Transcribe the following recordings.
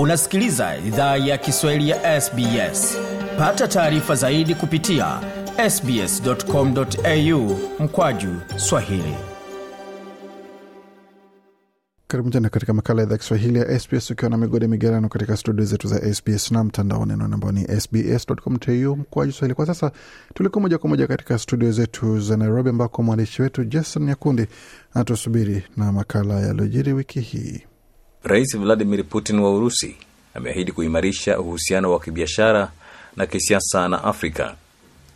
unasikiliza idhaa ya kiswahili ya sbs pata taarifa zaidi kupitia sbscomau mkwaju swahili karibu tena katika makala idhaa kiswahili ya sbs ukiwa na migode migerano katika studio zetu za sbs na mtandaoni naona ambao ni sbscomau mkwaju swahili kwa sasa tuliko moja kwa moja katika studio zetu za nairobi ambako mwandishi wetu jason nyakundi anatusubiri na makala yaliyojiri wiki hii Rais Vladimir Putin wa Urusi ameahidi kuimarisha uhusiano wa kibiashara na kisiasa na Afrika.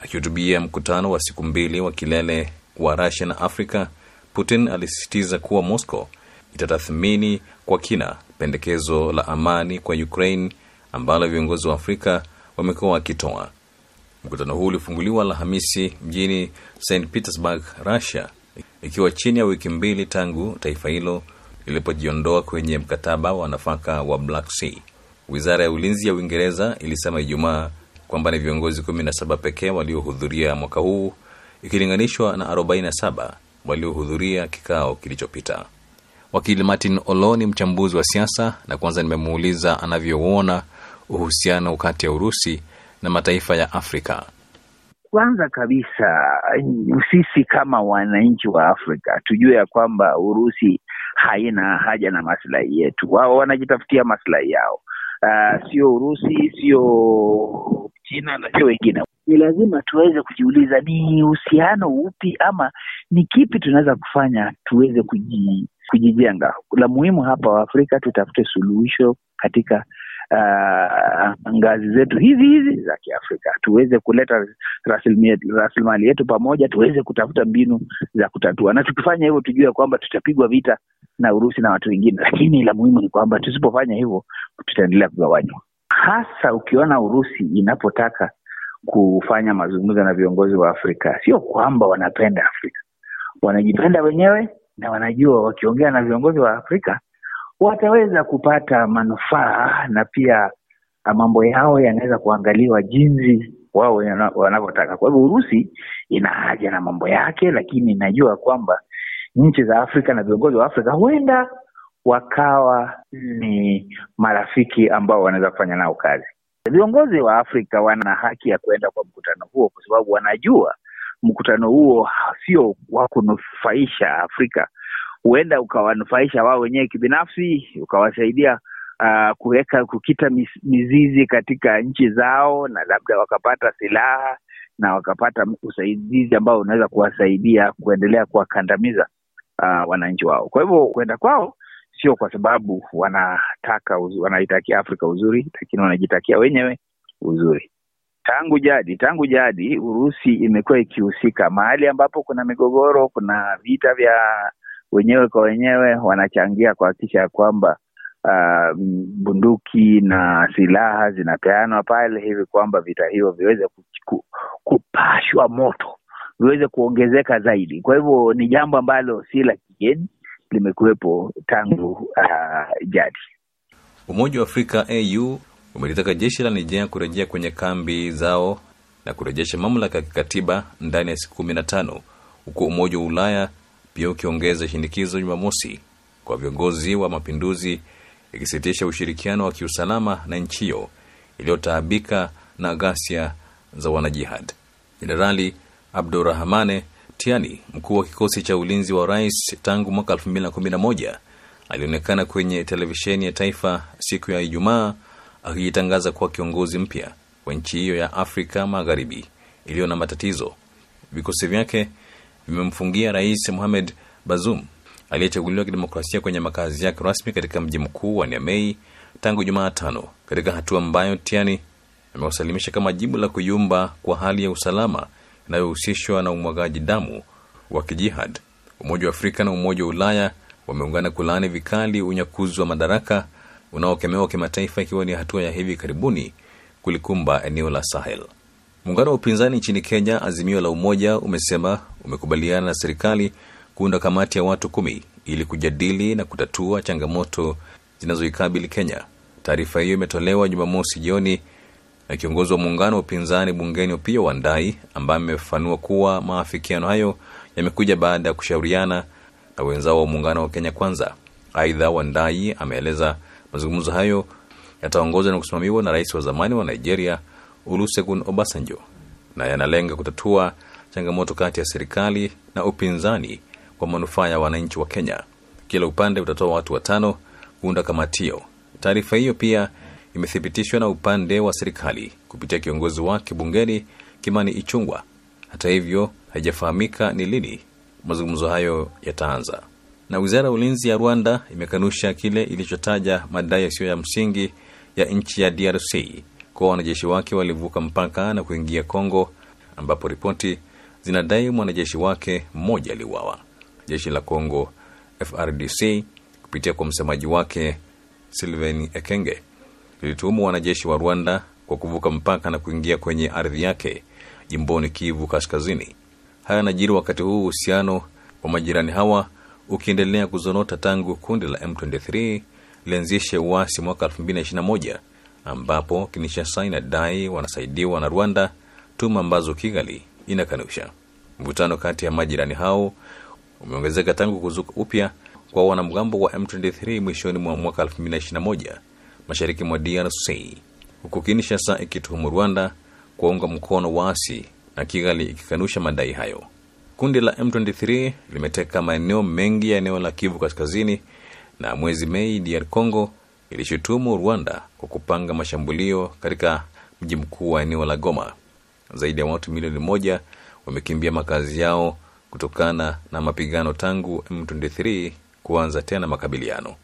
Akihutubia mkutano wa siku mbili wa kilele wa Russia na Afrika, Putin alisisitiza kuwa Moscow itatathmini kwa kina pendekezo la amani kwa Ukraine ambalo viongozi wa Afrika wamekuwa wakitoa. Mkutano huu ulifunguliwa Alhamisi mjini St Petersburg, Russia, ikiwa chini ya wiki mbili tangu taifa hilo lilipojiondoa kwenye mkataba wa nafaka wa Black Sea. Wizara ya ulinzi ya Uingereza ilisema Ijumaa kwamba ni viongozi 17 pekee waliohudhuria mwaka huu ikilinganishwa na 47 waliohudhuria kikao kilichopita. Wakili Martin Olo ni mchambuzi wa siasa, na kwanza nimemuuliza anavyouona uhusiano kati ya Urusi na mataifa ya Afrika. Kwanza kabisa sisi kama wananchi wa Afrika tujue ya kwamba Urusi haina haja na maslahi yetu. Wao wanajitafutia maslahi yao, uh, sio Urusi, sio China na sio wengine. Ni lazima tuweze kujiuliza ni uhusiano upi ama ni kipi tunaweza kufanya tuweze kuji, kujijenga. La muhimu hapa, Waafrika tutafute suluhisho katika uh, ngazi zetu hizi hizi za Kiafrika, tuweze kuleta rasilimali yetu pamoja, tuweze kutafuta mbinu za kutatua, na tukifanya hivyo tujue kwamba tutapigwa vita na Urusi na watu wengine, lakini la muhimu ni kwamba tusipofanya hivyo tutaendelea kugawanywa, hasa ukiona Urusi inapotaka kufanya mazungumzo na viongozi wa Afrika. Sio kwamba wanapenda Afrika, wanajipenda wenyewe na wanajua wakiongea na viongozi wa Afrika wataweza kupata manufaa na pia ah, mambo yao yanaweza kuangaliwa jinsi wao wanavyotaka. Kwa hivyo Urusi ina haja na mambo yake, lakini inajua kwamba nchi za Afrika na viongozi wa Afrika huenda wakawa ni marafiki ambao wanaweza kufanya nao kazi. Viongozi wa Afrika wana haki ya kuenda kwa mkutano huo kwa sababu wanajua mkutano huo sio wa kunufaisha Afrika huenda ukawanufaisha wao wenyewe kibinafsi, ukawasaidia uh, kuweka kukita mizizi katika nchi zao, na labda wakapata silaha na wakapata usaidizi ambao unaweza kuwasaidia kuendelea kuwakandamiza uh, wananchi wao. Kwa hivyo kuenda kwao sio kwa sababu wanataka wanaitakia Afrika uzuri, lakini wanajitakia wenyewe uzuri. Tangu jadi, tangu jadi Urusi imekuwa ikihusika mahali ambapo kuna migogoro, kuna vita vya wenyewe kwa wenyewe wanachangia kuhakikisha ya kwamba uh, bunduki na silaha zinapeanwa pale hivi kwamba vita hivyo viweze kupashwa moto viweze kuongezeka zaidi. Kwa hivyo ni jambo ambalo si la kigeni, limekuwepo tangu uh, jadi. Umoja wa Afrika au umelitaka jeshi la nijea kurejea kwenye kambi zao na kurejesha mamlaka ya kikatiba ndani ya siku kumi na tano huku Umoja wa Ulaya pia ukiongeza shinikizo Jumamosi kwa viongozi wa mapinduzi ikisitisha ushirikiano wa kiusalama na nchi hiyo iliyotaabika na ghasia za wanajihad. Jenerali Abdurahmane Tiani, mkuu wa kikosi cha ulinzi wa rais tangu mwaka 2011, alionekana kwenye televisheni ya taifa siku ya Ijumaa akijitangaza kuwa kiongozi mpya wa nchi hiyo ya Afrika Magharibi iliyo na matatizo. Vikosi vyake vimemfungia Rais Mohamed Bazoum aliyechaguliwa kidemokrasia kwenye makazi yake rasmi katika mji mkuu wa Niamey tangu Jumatano, katika hatua ambayo Tiani amewasalimisha kama jibu la kuyumba kwa hali ya usalama inayohusishwa na umwagaji damu wa kijihad. Umoja wa Afrika na Umoja wa Ulaya wameungana kulaani vikali unyakuzi wa madaraka unaokemewa kimataifa, ikiwa ni hatua ya hivi karibuni kulikumba eneo la Sahel. Muungano wa upinzani nchini Kenya, Azimio la Umoja, umesema umekubaliana na serikali kuunda kamati ya watu kumi ili kujadili na kutatua changamoto zinazoikabili Kenya. Taarifa hiyo imetolewa Jumamosi jioni na kiongozi wa muungano wa upinzani bungeni Opiyo wandai ambaye amefanua kuwa maafikiano hayo yamekuja baada ya kushauriana na wenzao wa muungano wa Kenya Kwanza. Aidha, wandai ameeleza mazungumzo hayo yataongozwa na kusimamiwa na rais wa zamani wa Nigeria ulusegun Obasanjo na yanalenga kutatua changamoto kati ya serikali na upinzani kwa manufaa ya wananchi wa Kenya. Kila upande utatoa watu watano kuunda kamatio. Taarifa hiyo pia imethibitishwa na upande wa serikali kupitia kiongozi wake bungeni Kimani Ichungwa. Hata hivyo, haijafahamika ni lini mazungumzo hayo yataanza. Na wizara ya ulinzi ya Rwanda imekanusha kile ilichotaja madai yasiyo ya msingi ya nchi ya DRC kuwa wanajeshi wake walivuka mpaka na kuingia Kongo, ambapo ripoti zinadai mwanajeshi wake mmoja aliuawa. Jeshi la congo FRDC kupitia kwa msemaji wake Sylvain Ekenge lilituhumu wanajeshi wa Rwanda kwa kuvuka mpaka na kuingia kwenye ardhi yake jimboni Kivu Kaskazini. Haya yanajiri wakati huu uhusiano wa majirani hawa ukiendelea kuzonota tangu kundi la M23 lianzishe uasi mwaka 2021 ambapo Kinshasa inadai wanasaidiwa na Rwanda, tuma ambazo Kigali inakanusha. Mvutano kati ya majirani hao umeongezeka tangu kuzuka upya kwa wanamgambo wa M23 mwishoni mwa mwaka 221 mashariki mwa DRC, huku Kinshasa ikituhumu Rwanda kuwaunga mkono waasi na Kigali ikikanusha madai hayo. Kundi la M23 limeteka maeneo mengi ya eneo la Kivu Kaskazini, na mwezi Mei DR Congo ilishutumu Rwanda kwa kupanga mashambulio katika mji mkuu wa eneo la Goma. Zaidi ya watu milioni moja wamekimbia makazi yao kutokana na mapigano tangu M23 kuanza tena makabiliano.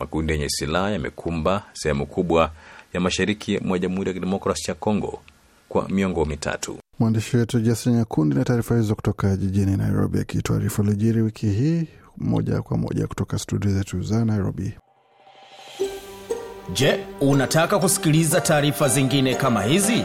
Makundi yenye silaha yamekumba sehemu kubwa ya mashariki mwa Jamhuri ya Kidemokrasia ya Kongo kwa miongo mitatu. Mwandishi wetu Jason Nyakundi na taarifa hizo kutoka jijini Nairobi akituarifu lijiri wiki hii moja kwa moja kutoka studio zetu za Nairobi. Je, unataka kusikiliza taarifa zingine kama hizi?